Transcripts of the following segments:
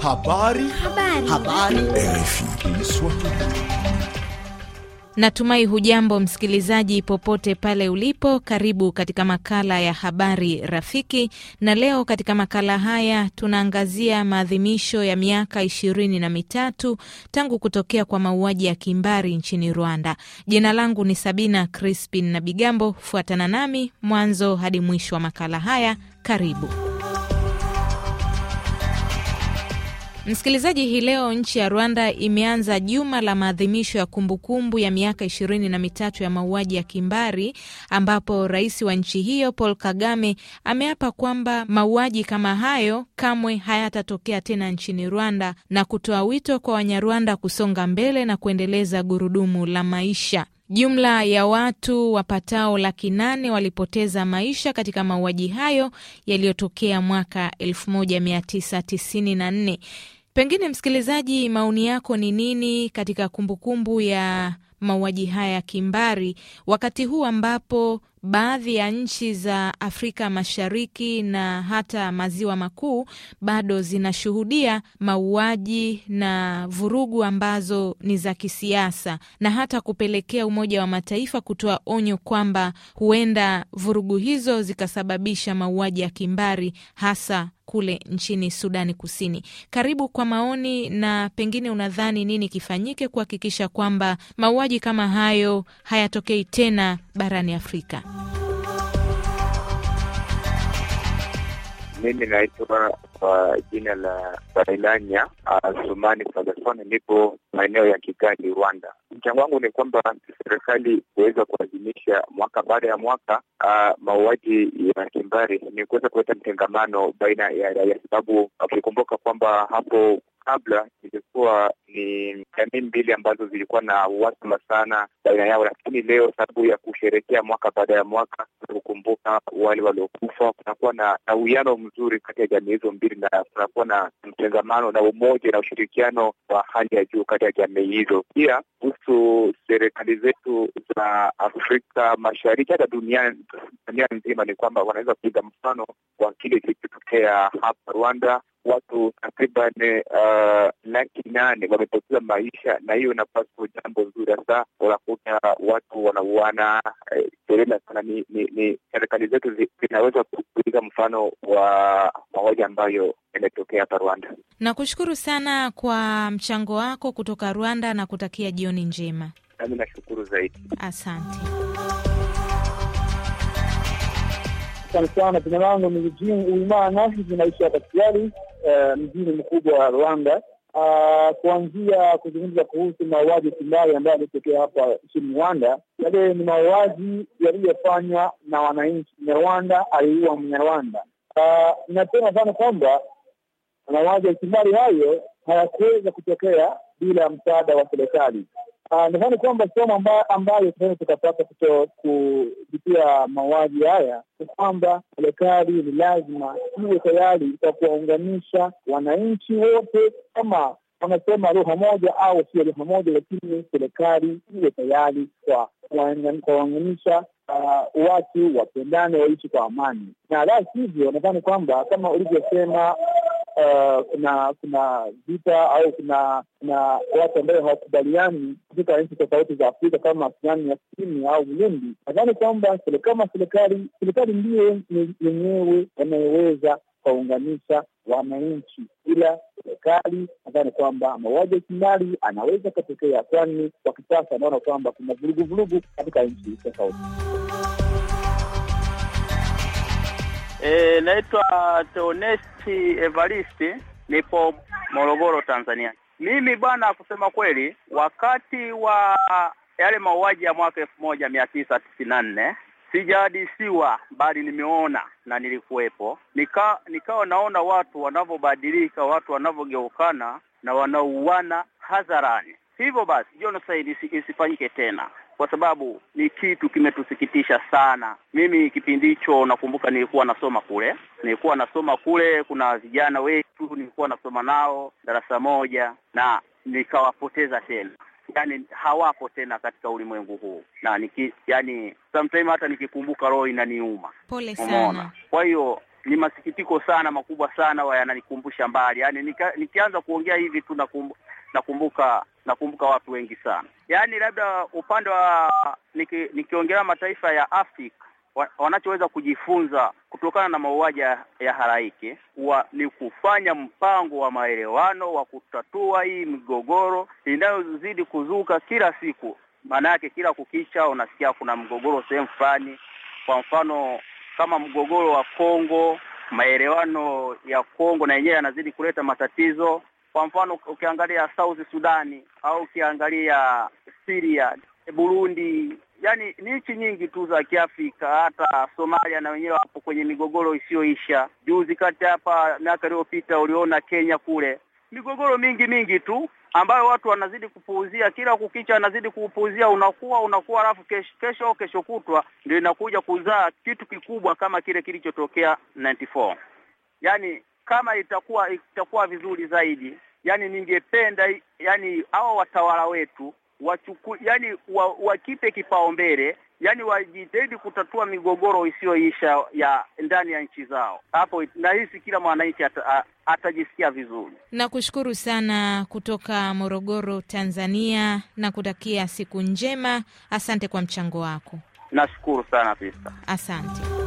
Habari. Habari. Habari. Natumai hujambo msikilizaji, popote pale ulipo. Karibu katika makala ya habari rafiki, na leo katika makala haya tunaangazia maadhimisho ya miaka ishirini na mitatu tangu kutokea kwa mauaji ya kimbari nchini Rwanda. Jina langu ni Sabina Crispin na Bigambo, fuatana nami mwanzo hadi mwisho wa makala haya. Karibu. Msikilizaji, hii leo nchi ya Rwanda imeanza juma la maadhimisho ya kumbukumbu ya miaka ishirini na mitatu ya mauaji ya kimbari ambapo rais wa nchi hiyo Paul Kagame ameapa kwamba mauaji kama hayo kamwe hayatatokea tena nchini Rwanda na kutoa wito kwa Wanyarwanda kusonga mbele na kuendeleza gurudumu la maisha. Jumla ya watu wapatao laki nane walipoteza maisha katika mauaji hayo yaliyotokea mwaka 1994. Pengine msikilizaji, maoni yako ni nini katika kumbukumbu ya mauaji haya ya kimbari, wakati huu ambapo baadhi ya nchi za Afrika Mashariki na hata maziwa makuu bado zinashuhudia mauaji na vurugu ambazo ni za kisiasa na hata kupelekea Umoja wa Mataifa kutoa onyo kwamba huenda vurugu hizo zikasababisha mauaji ya kimbari hasa kule nchini Sudani Kusini. Karibu kwa maoni, na pengine unadhani nini kifanyike kuhakikisha kwamba mauaji kama hayo hayatokei tena barani Afrika? Mimi naitwa kwa jina la Barilanya Sumani Salefoni, nipo maeneo ya Kigali, Rwanda. Mchango wangu ni kwamba serikali kuweza kuadhimisha mwaka baada ya mwaka uh, mauaji ya kimbari ni kuweza kuleta mtengamano baina ya raia, sababu ukikumbuka kwamba hapo kabla ilikuwa ni jamii mbili ambazo zilikuwa na wasma sana baina yao, lakini leo sababu ya kusherehekea mwaka baada ya mwaka kukumbuka wale waliokufa, kunakuwa na uwiano mzuri kati ya jamii hizo mbili, na kunakuwa na mtengamano na umoja na ushirikiano wa hali ya juu kati ya jamii hizo. Pia kuhusu serikali zetu za Afrika Mashariki, hata dunia nzima, ni kwamba wanaweza kupiga mfano wa kile kilichotokea hapa Rwanda watu takriban uh, laki nane wamepoteza maisha, na hiyo inapaswa jambo nzuri, hasa unakuta watu wanauana jorela eh, sana. Ni, ni, ni serikali zetu zinaweza kuiga mfano wa mauaji ambayo yametokea hapa Rwanda. Nakushukuru sana kwa mchango wako kutoka Rwanda na kutakia jioni njema. Nami nashukuru zaidi, asante sana sana. Jina langu ni Eugene Uimana, ninaishi hapa Kigali, eh, mjini mkubwa wa Rwanda. Ah, kuanzia kuzungumza kuhusu mauaji ya kimbari ambayo yalitokea hapa nchini Rwanda, yale ni mauaji yaliyofanywa na wananchi. Mnyarwanda aliua Mnyarwanda. Ah, Inasema sana kwamba mauaji ya kimbari hayo hayakuweza kutokea bila msaada wa serikali. Ah, nadhani kwamba sehemu ambayo tunaweza tukapata kupitia mauaji haya ni kwamba serikali ni lazima iwe tayari kwa kuwaunganisha wananchi wote, kama wanasema lugha moja au sio lugha moja, lakini serikali iwe tayari kwa kuwaunganisha Uh, watu wapendane, waishi kwa amani, na la sivyo, nadhani kwamba kama ulivyosema Uh, kuna kuna vita au kuna kuna watu ambao hawakubaliani katika nchi tofauti za Afrika kama Sudani ya Kusini au Burundi, nadhani kwamba kama serikali serikali ndiyo yenyewe wanayoweza kuwaunganisha wananchi, ila serikali nadhani kwamba mauaji ya kimbari anaweza katokea, kwani kwa kisasa anaona kwamba kuna vuluguvulugu katika nchi tofauti. E, naitwa Teonesti Evaristi, nipo Morogoro, Tanzania. Mimi bwana, kusema kweli, wakati wa yale mauaji ya mwaka elfu moja mia tisa tisini na nne sijahadisiwa bali nimeona na nilikuwepo, nika nikawa naona watu wanavyobadilika, watu wanavyogeukana na wanauana hadharani. Hivyo basi, saidi isifanyike tena kwa sababu ni kitu kimetusikitisha sana. Mimi kipindi hicho nakumbuka nilikuwa nasoma kule, nilikuwa nasoma kule, kuna vijana wetu nilikuwa nasoma nao darasa moja, na nikawapoteza tena yani hawapo tena katika ulimwengu huu na niki, yani sometime hata nikikumbuka roho inaniuma. Pole sana. Kwa hiyo ni masikitiko sana makubwa sana, yananikumbusha mbali. Yani nika, nikianza kuongea hivi tu nakumbuka nakumbuka watu wengi sana, yaani labda upande wa niki, nikiongelea mataifa ya Afrika wanachoweza kujifunza kutokana na mauaji ya haraiki wa ni kufanya mpango wa maelewano wa kutatua hii migogoro inayozidi kuzuka kila siku. Maana yake kila kukicha unasikia kuna mgogoro sehemu fulani, kwa mfano kama mgogoro wa Kongo, maelewano ya Kongo na yenyewe yanazidi kuleta matatizo. Kwa mfano ukiangalia South Sudani au ukiangalia Syria, Burundi, yani ni nchi nyingi tu za Kiafrika, hata Somalia na wenyewe hapo kwenye migogoro isiyoisha. Juzi kati hapa, miaka iliyopita, uliona Kenya kule, migogoro mingi mingi tu ambayo watu wanazidi kupuuzia, kila kukicha wanazidi kupuuzia, unakuwa unakuwa, alafu kesho kesho au kesho kutwa ndio inakuja kuzaa kitu kikubwa kama kile kilichotokea 94. Yani kama itakuwa itakuwa vizuri zaidi, yani ningependa yani hao watawala wetu wachuku, yani wa, wakipe kipaumbele yani wajitahidi kutatua migogoro isiyoisha ya ndani ya nchi zao. Hapo nahisi kila mwananchi ata, atajisikia vizuri. Nakushukuru sana kutoka Morogoro, Tanzania, na kutakia siku njema. Asante kwa mchango wako. Nashukuru sana pista, asante.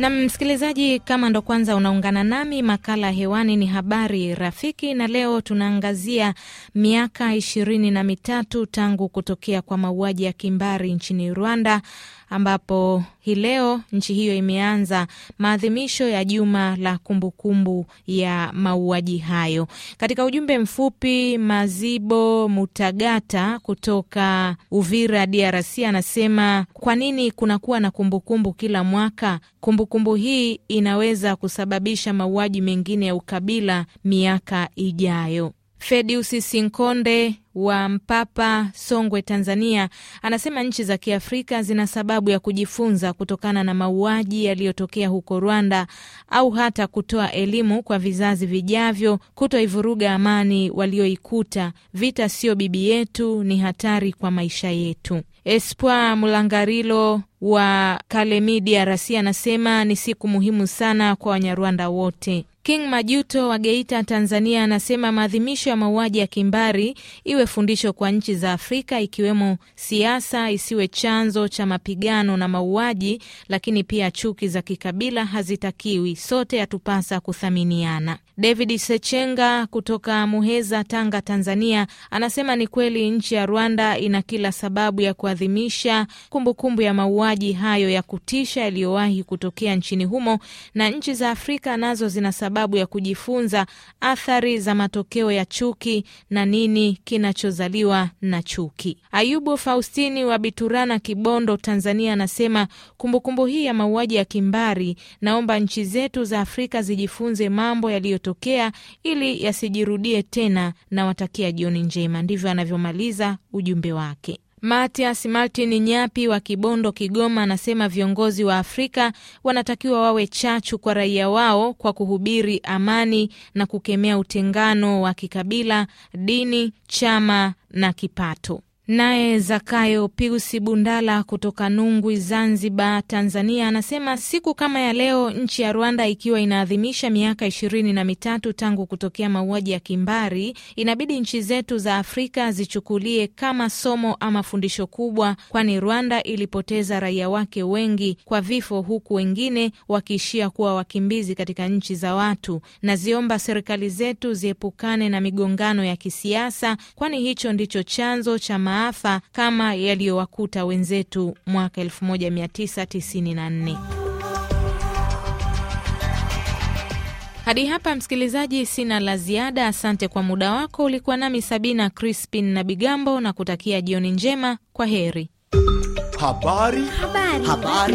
Na msikilizaji, kama ndo kwanza unaungana nami, makala hewani ni habari rafiki, na leo tunaangazia miaka ishirini na mitatu tangu kutokea kwa mauaji ya kimbari nchini Rwanda ambapo hii leo nchi hiyo imeanza maadhimisho ya juma la kumbukumbu ya mauaji hayo. Katika ujumbe mfupi, Mazibo Mutagata kutoka Uvira, DRC, anasema kwa nini kunakuwa na kumbukumbu kila mwaka? Kumbukumbu hii inaweza kusababisha mauaji mengine ya ukabila miaka ijayo. Fedius Sinkonde wa Mpapa, Songwe, Tanzania, anasema nchi za Kiafrika zina sababu ya kujifunza kutokana na mauaji yaliyotokea huko Rwanda, au hata kutoa elimu kwa vizazi vijavyo kutoivuruga amani walioikuta. Vita sio bibi yetu, ni hatari kwa maisha yetu. Espoir Mulangarilo wa Kalemi, DRC, anasema ni siku muhimu sana kwa Wanyarwanda wote. King Majuto wa Geita, Tanzania, anasema maadhimisho ya mauaji ya kimbari iwe fundisho kwa nchi za Afrika, ikiwemo siasa isiwe chanzo cha mapigano na mauaji, lakini pia chuki za kikabila hazitakiwi. Sote yatupasa kuthaminiana. David Sechenga kutoka Muheza, Tanga, Tanzania, anasema ni kweli nchi ya Rwanda ina kila sababu ya kuadhimisha kumbukumbu kumbu ya mauaji hayo ya kutisha yaliyowahi kutokea nchini humo, na nchi za Afrika nazo zina sababu ya kujifunza athari za matokeo ya chuki na nini kinachozaliwa na chuki. Ayubu Faustini wa Biturana, Kibondo, Tanzania, anasema kumbukumbu hii ya mauaji ya kimbari, naomba nchi zetu za Afrika zijifunze mambo yaliyo yaliyotokea ili yasijirudie tena, na watakia jioni njema. Ndivyo anavyomaliza ujumbe wake. Matias Martin Nyapi wa Kibondo, Kigoma, anasema viongozi wa Afrika wanatakiwa wawe chachu kwa raia wao kwa kuhubiri amani na kukemea utengano wa kikabila, dini, chama na kipato. Naye Zakayo Piusi Bundala kutoka Nungwi, Zanzibar, Tanzania, anasema siku kama ya leo nchi ya Rwanda ikiwa inaadhimisha miaka ishirini na mitatu tangu kutokea mauaji ya kimbari, inabidi nchi zetu za Afrika zichukulie kama somo ama fundisho kubwa, kwani Rwanda ilipoteza raia wake wengi kwa vifo, huku wengine wakiishia kuwa wakimbizi katika nchi za watu. Naziomba serikali zetu ziepukane na migongano ya kisiasa, kwani hicho ndicho chanzo cha maafa kama yaliyowakuta wenzetu mwaka 1994. Hadi hapa msikilizaji, sina la ziada. Asante kwa muda wako. Ulikuwa nami Sabina Crispin na Bigambo na kutakia jioni njema. Kwa heri. Habari. Habari. Habari.